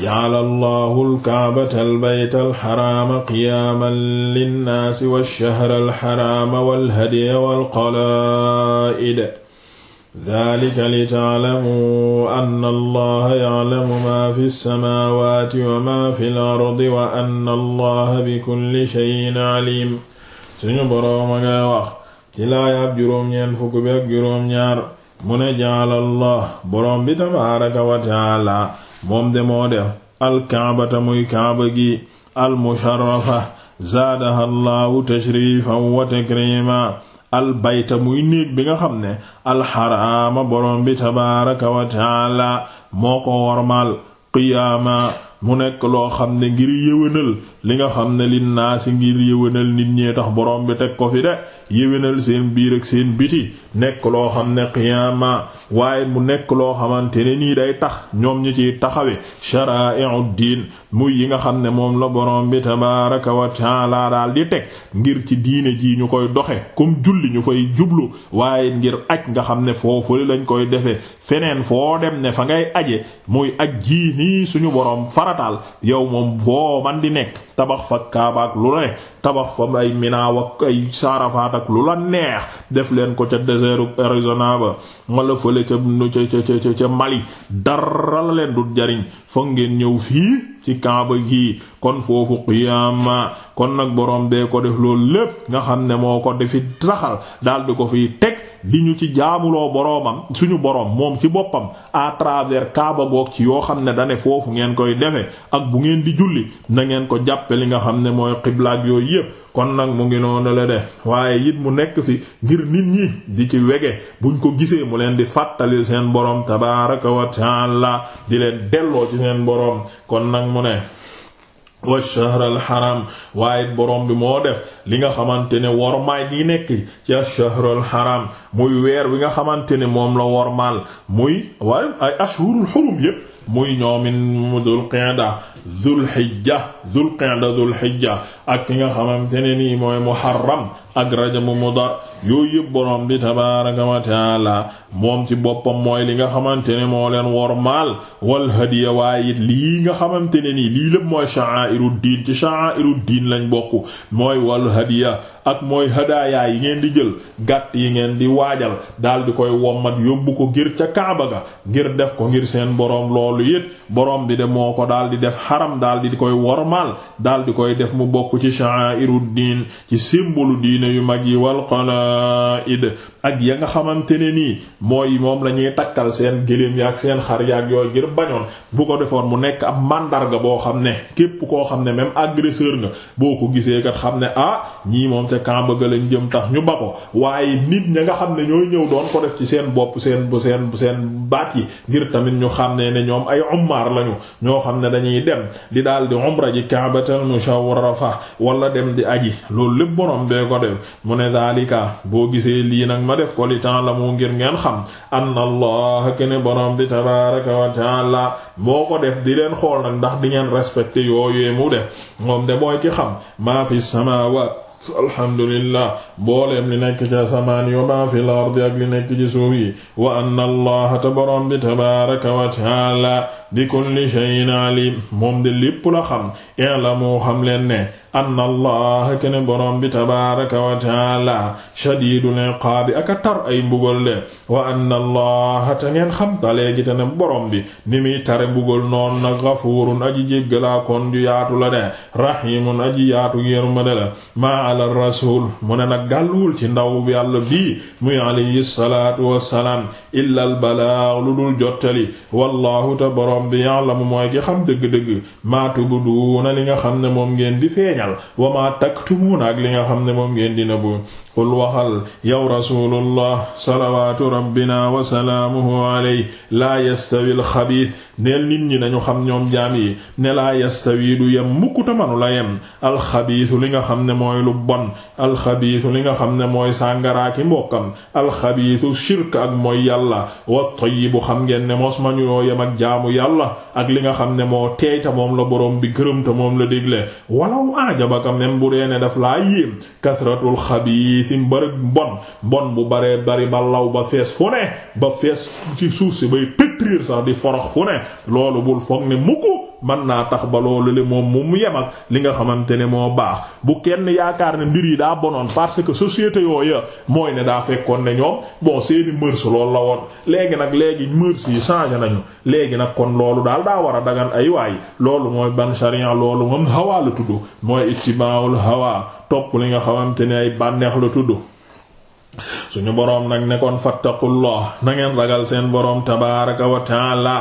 jacala allahu alkaabata albayta alxaraama qiyaaman linnaasi walshahra alxaraama walhadya walqalaa'id dalika litaclamuu anna allaha yaclamu maa fi lsamaawaati wa maa fi lardi wa anna allaha bikulli sheyin caliim suñu borooma ngay wax ci laayaab juróom-ñeent fukk bi ak juróom-ñaar mu ne jacala allah boroom bi tabaaraka wa tacaala moom de moo def alkaabata muy kaaba gi almusharrafa zaadaha allahu tashrifan wa takrima albayta muy néeg bi nga xam ne alxaraama boroom bi tabaaraka wa taala moo ko wormaal qiyaama mu nekk loo xam ne ngir yéwénal li nga xam ne li naasi ngir yéwénal nit ñee tax boroom bi teg ko fi de yéwénal seen biir ak seen biti nekk loo xam ne qiyaama waaye mu nekk loo xamante ne nii day tax ñoom ñi ci taxawe sharaa'u diin muy yi nga xam ne moom la borom bi tabaaraka wa taala daal di teg ngir ci diine ji ñu koy doxe comme julli ñu fay jublu waaye ngir aj nga xam ne foofu lañ koy defee feneen foo dem ne fa ngay aje muy aj ji nii suñu borom farataal yow moom foo man di nekk tabax fa kaabaak lu ne tabax fa ay minaaw ak ay saarafaat ak lu la neex def leen ko ca désert u Arizona ba wala fële ca ca ca ca Mali dara la leen du jariñ foog ngeen ñëw fii ci Kaaba gi kon foofu qiyaama kon nag borom bee ko def loolu lépp nga xam ne moo ko defi saxal daal ko fiy teg di ñu ci jaamuloo boroomam suñu boroom moom ci boppam à travers kaaba goog ci yoo xam ne dane foofu ngeen koy defe ak bu ngeen di julli na ngeen ko jàppe li nga xam ne mooy xiblaak yooyu yépp kon nag mu ngi noonu la de waaye it mu nekk fi ngir nit ñi di ci wege buñ ko gisee mu leen di fàttali seen boroom tabaaraka wa taala di leen delloo ci seen boroom kon nag mu ne wa shahral xaram waaye borom bi moo def li nga xamante ne wormaay gi nekk ci shahral xaram muy weer wi nga xamante ne moom la wormaal muy waaye ay ashhurul xurum yépp muy ñoomin dul qinda dul xijja dul qinda dul xijja ak ki nga xamante ne nii mooy muharram ak rajamu mudar yooyu yëpp borom bi tabaaraka wa taala moom ci boppam mooy li nga xamante ne moo leen maal wal hadiya waaye it lii nga xamante ne nii lii lépp mooy sha'airud diin ci sha'airud diin lañ bokk mooy wal hadiya ak mooy hadaaya yi ngeen di jël gàtt yi ngeen di waajal daal di koy wommat yóbbu ko ngir ca kaaba ga ngir def ko ngir seen boroom loolu it boroom bi de moo ko daal di def xaram daal di koy wormaal daal di koy def mu bokk ci sha'iru diin ci simbolu diine yu mag yi wal qala'id ak ya nga xamante ne nii mooy moom la ñuy takkal seen yi ak seen xar yaak yooyu ngir bañoon bu ko defoon mu nekk ab màndarga boo xam ne képp koo xam ne même agresseur nga boo ko gisee kat xam ne ah ca camp jëm tax ñu ba ko waaye nit ña nga xam ne ñooy ñëw doon ko def ci seen bopp seen seen seen baat yi ngir tamit ñu xam ne ne ñoom ay ummaar lañu ñoo xam ne dañuy dem di daal di umra ji kaabatal fa wala dem di aji loolu lépp borom bee ko def mu ne daalika boo gisee lii nag ma def ko li temps la mu ngir ngeen xam anna allah ne borom bi tabaaraka wa taala boo ko def di leen xool nag ndax di ngeen respecté yooyee mu def moom de mooy alhamdulillah booleem li nekk ci asamaan yu ma fi al-ardi ak li nekk ci suuf yi wa anna allaha ta borom bi tabaaraka wa taala bi kulli shay'in alim moom de lépp la xam la moo xam leen ne anna allah kene borom bi tabaraka wa taala shadidul aka tar ay mbugal de wa anna allah te ngeen xam ta léegi te ne borom bi ni muy tare mbugal noonu nag ghafuurun aji jéggalaa kon ju yaatu la aji yaatu yërmande la maa ala rasul mu ne nag ci ndaw bi yàlla bi muy alayhi salaatu wassalaam illa al balaa jottali wallahu ta borom borom bi ya'lamu mooy ki xam dëgg-dëgg maa tubduuna li nga xam ne moom ngeen di feeñal wa maa taktumuuna ak li nga xam ne moom ngeen di nëbbu qul waxal yow rasulullah salawaatu rabbina wa salaamuhu alayhi laa yastawi alxabiis neel nit ñi nañu xam ñoom jaam yi ne laa yastawi du yem mukkuta manu la yem alxabiisu li nga xam ne mooy lu bon alxabiisu li nga xam ne mooy sàngaraaki mbokkam alxabiisu shirk ak mooy yàlla wa tayyibu xam ngeen ne mos ma ñu yem ak jaamu yàlla yàlla ak li nga xam ne moo teey te moom la boroom bi gërëm te moom la dégle walaw ajabaka même bu dee ne daf laa yéem kasratul xabiisi bari bon bon bu baree bari ba law ba fees fu ne ba fees ci suuf si bay pétrir sax di forox fu ne loolu bul foog ne mukk mën naa tax ba loolu le moom mu yem li nga xamante ne moo baax bu kenn yaakaar ne mbir yi daa bonoon parce que société yooya mooy ne daa fekkoon ne ñoom bon seeni mœurs loolu la woon léegi nag léegi mœurs yi changé nañu léegi nag kon loolu daal daa war a dagan ay waay loolu mooy ban sharia loolu moom hawa la tudd mooy ittibaawul hawa topp li nga xamante ne ay bànneex la tudd suñu boroom nag nekkoon fattaqullah na ngeen ragal seen boroom tabaaraka wa taala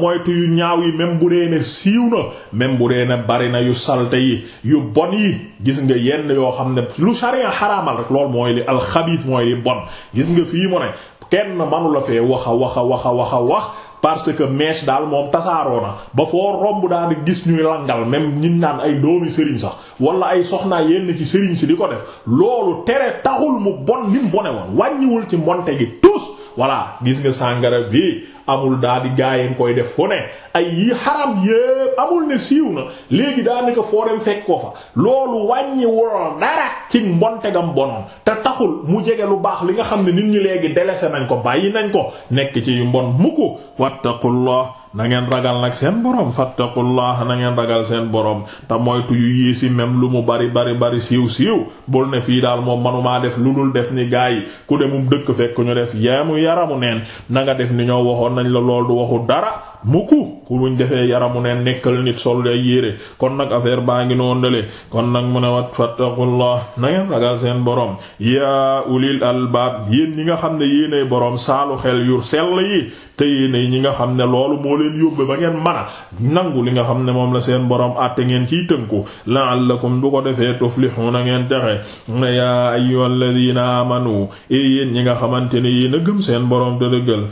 moytu yu ñaaw yi même bu dee ne siiw na même bu dee ne bari na yu salte yi yu bon yi gis nga yenn yoo xam ne lu sharia xaraamal rek lool mooy li alxabiis mooy li bon gis nga fii mu ne kenn manu la fee waxa waxa waxa waxa wax parce que mèche daal moom tasaaroo na ba foo romb daal di gis ñuy langal même ñin naan ay doomi sëriñ sax wala ay soxnaa yenn ci sëriñ si di ko def loolu tere taxul mu bon ni mu bone wàññiwul ci mbonte gi tous voilà gis nga sàngara bi amul daal di gaayeen koy def fu ne ay yi xaram yépp amul ne siiw na léegi daanaka foo dem fekk ko fa loolu wàññi woon dara ci mbontegam bonoon te taxul mu jege lu baax li nga xam ne nit ñi léegi délaissé nañ ko bàyyi nañ ko nekk ci yu mbon mukk wattaqullah na ngeen ragal nag seen borom fattaqullah na ngeen ragal seen borom te moytu yu yii si même lu mu bari bari bari siiw siiw bul ne fii daal moom manumaa def lu dul def ni gaa yi ku demum dëkk fekk ñu def yeemu yaramu neen na nga def ni ñoo waxoon nañ la lool du waxu dara mukku ku buñ defee yaramu neen nekkal nit sol ay yére kon nag affaire baa ngi noonu dale kon nag mu ne wat fattaqullah na ngeen ragal seen borom yaa ulil albaab yéen ñi nga xam ne yéenay borom saalu xel yu sell yi te yéenay ñi nga xam ne loolu moo leen yóbbe ba ngeen mën nangu li nga xam ne moom la seen borom àtte ngeen ciy tënku la'allakum bu ko defee tuflihuna ngeen texe mu ne yaa ayyuhalladhina amanu yéen ñi nga xamante ne yéen a gëm seen borom te dëggal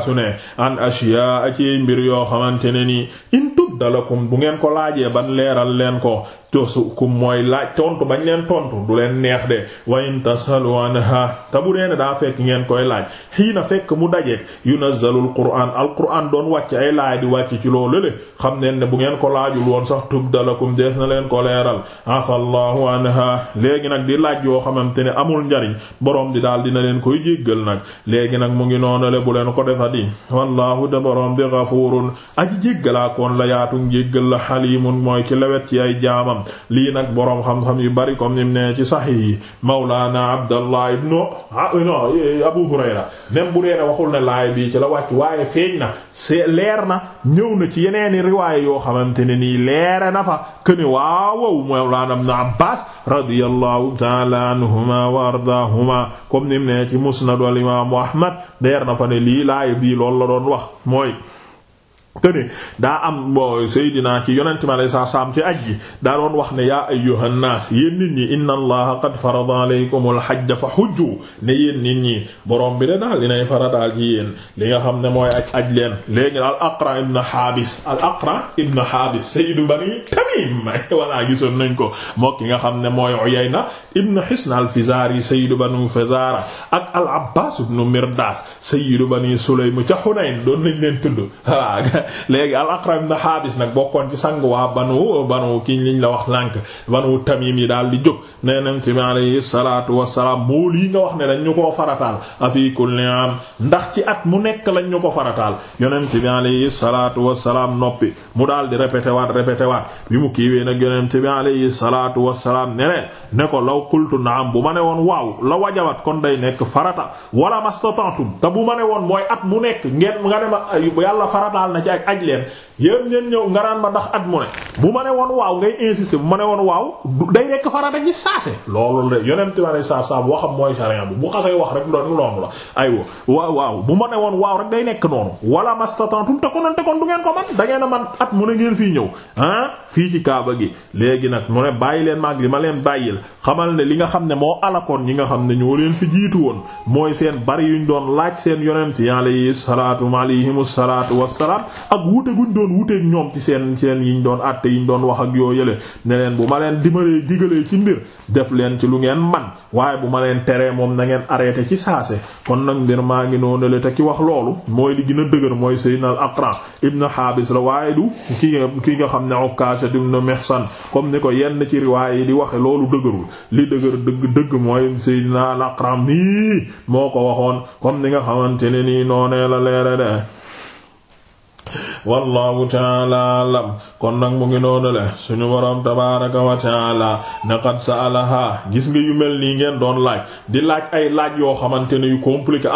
su ne an ashiya ak mbir yoo xamante ne nii in tub dalakum bu ngeen ko laajee ban leeral leen ko tosukum mooy laaj tontu bañ leen tontu du leen neex de wayin tasalu anha te bu deen daa fekk ngeen koy laaj xiina fekk mu dajeek yunazzalul qur'aan al qur'aan doon wàcc ay laaj di wàcc ci loolu le xam ne ne bu ngeen ko laajul woon sax tubdalakum dees na leen ko leeral afallahu anha léegi nag di laaj yoo xamante ne amul njariñ borom bi daal dina leen koy jéggal nag léegi nag mu ngi noonale bu leen ko defati wallahu da borom bi gafuurun aji jéggalaakoon la yaatu jéggal la xaliimun lii nag boroom xam-xam yu bari comme nim ne sax yi mawlaana abdallah ibnu no abu hurayra même bu deene waxul ne laay bii ci la wàcc waaye feeñ na c'est leer na ñëw na ci yeneeni riwaaya yoo xamante ne nii leere na fa këni waawow mawlaana ibnu abbaas radiyallahu taala anhuma wa ardaahuma comme nim ne ci al imaamu ahmad leer na fa ne lii laay bii loolu la doon wax mooy këne daa am bo Seydina ci yonente mi alay salaam ci aj ji daa doon wax ne yaa ayyuhan naas yéen nit ñi inna allaha qad farada alaykumul hajja fa hujju ne yéen nit ñi borom bi de daal dinay faradaal ci yéen nga xam ne mooy aj aj leen léegi al aqra ibn haabis al aqra ibn haabis sayyidu bani Nu'aym voilà gisoon nañ ko moo ki nga xam ne mooy Uyayna ibn Hisn al-Fizari sayyidu banu Fazara ak al-Abbas ibn Mirdas sayyidu bani Sulaym ca Hunayn doon lañ leen tudd voilà léegi al-Aqra ibn Habis nag bokkoon ci sang waa banu banu ki liñ la wax lànk banu Tamim yi daal di jóg nee nañ ci alayhi salaatu wassalaam moo lii nga wax ne dañ ñu koo farataal afi kulli am ndax ci at mu nekk lañ ñu ko farataal yonent bi alayhi salaatu wassalaam noppi mu daal di répété waat répété waat mu kiiwee nag yonent bi alayhi salaatu wassalaam ne leen ne ko law qultu naam bu ma ne woon waaw la wajabat kon day nekk farata wala mastata'tum te ma woon mooy at mu nekk ngeen nga ne ma yàlla farataal na ci ak aj leen yéen nga naan ma ndax at mu bu ma ne woon bu ma ne woon waaw day nekk farata ci saase loolu de yonent bi alayhi salaatu wassalaam waxam mooy charia bu bu xasee wax rek loolu noonu la aywa waaw waaw bu ma ne woon nekk noonu wala mastata'tum te konoon te kon du ngeen ko man da a man at mu ne ngeen fii ñëw ah fii ci kaaba gi léegi nag mu ne bàyyi leen maag li ma leen bàyyil xamal ne li nga xam ne moo alakoon ñi nga xam ne ñoo leen fi jiitu woon mooy seen bari yuñ doon laaj seen yonent yi alayhi salaatu alayhimu salaatu wassalaam ak wuute guñ doon wuuteeg ñoom ci seen seen yiñ doon àtte yiñ doon wax ak yoo yële ne leen bu ma leen dimalee digalee ci mbir def leen ci lu ngeen man waaye bu ma leen teree moom na ngeen arrêté ci saase kon nag mbir maa ngi noonu la te ki wax loolu mooy li a dëgër mooy Sayyidina al-Aqra ibn Mihsan comme ni ko yenn ci riwaay yi di waxe loolu dëgërul li dëgër dëgg dëgg mooy Seydina al-Aqram nii moo ko waxoon comme ni nga xamante ne nii noonee la leere de wallahu taala alam kon nag mu ngi noonu le suñu boroom tabaraka wa taala ne qad saalaha gis nga yu mel nii ngeen doon laaj di laaj ay laaj yoo xamante ne yu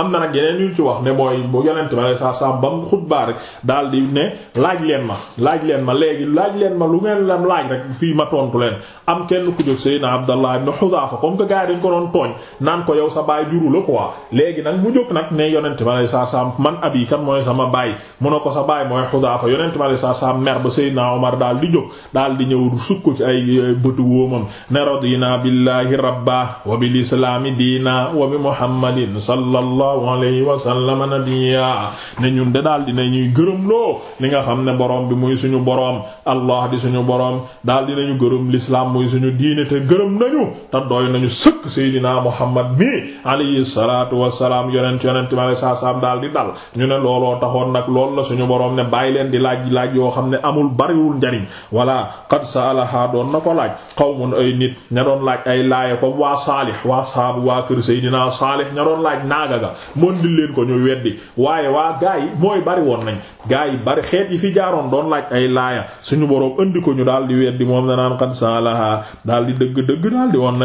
am na nag yeneen yu ci wax ne mooy bu yonente ma sa sa bam xutbaa rek daal di ne laaj leen ma laaj leen ma léegi laaj leen ma lu ngeen lam laaj rek fii ma tontu leen am kenn ku jóg Seydina Abdallah ibn Hudhafa comme que gars yi dañ ko doon tooñ naan ko yow sa baay juru la quoi léegi nag mu jóg nag ne yonente ma sa sa man abi kan mooy sama baay mu ne ko sa baay mooy Xudaafa yonent bi saa saa mer ba Seydina Omar daal di jóg daal di ñëw sukk ci ay eh, bëtu wóomam ne radina billahi rabba wa bil islaami diina wa bi muhammadin sallallahu alayhi wa sallam nabiyya ne ñun de daal di nañuy gërëm loo li nga xam ne borom bi muy suñu borom allah di suñu borom daal di nañu gërëm l'islam muy suñu diine te gërëm nañu te doy nañu sëkk Seydina Muhammad mi alayhi salaatu wa salaam yonent yonent bi saa saa daal di dal ñu ne looloo taxoon nag loolu la suñu borom ne bàyyi leen di laaj laaj yoo xam ne amul bariwul njariñ walla qad saalaha doon na ko laaj qawmun ay nit ña doon laaj ay laaya ko waa saalih waa saabu waa kër seydinaa saalih ña doon laaj naaga ga mën di ko ñu weddi waaye waa gaa yi mooy bari woon nañ gaa yi bari xeet yi fi jaaroon doon laaj ay laaya suñu boroom indi ko ñu daal di weddi moom na naan qad saalaha daal di dëgg dëgg daal di woon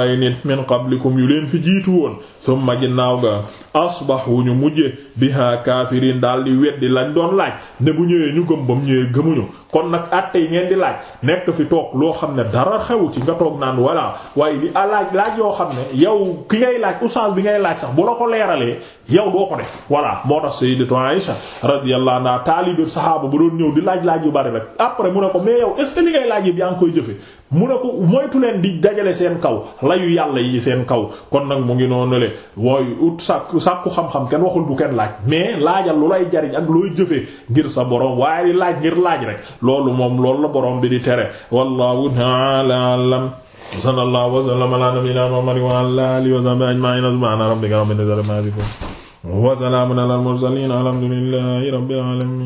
ay nit min qablikum yu leen fi jiitu woon summa ginnaaw nga asbahu ñu mujje biha kaafiriin daal di weddi lañ doon laaj ne bu ñëwee ñu gëm ba mu ñëwee gëmuñu kon nag àtte yi ngeen di laaj nekk fi toog loo xam ne dara xewu ci nga toog naan walla waaye li alaaj laaj yoo xam ne yow ki ngay laaj oustaz bi ngay laaj sax bu la ko leeralee yow doo ko def voilà moo tax sayyidatu Aïsha radiyallahu anha taalibe sahaaba bu doon ñëw di laaj laaj yu bari rek après mu ne ko mais yow est li ngay laaj yi ngi koy jëfe mu ne ko moytu leen di dajale seen kaw layu yàlla yi seen kaw kon nag mu ngi noonu le wooy ut sàkku sàkku xam-xam kenn waxul bu kenn laaj mais laajal lu lay jariñ ak looy jëfee ngir sa borom waaye di laaj ngir laaj rek loolu moom loolu la borom bi di tere wallahu ta'ala a'lam sallallahu wa sallama ala nabiyyina muhammadin wa ala alihi wa sahbihi ajma'in subhana rabbika rabbil izzati amma yasifun wa salamun ala al mursalin alhamdulillahi rabbil alamin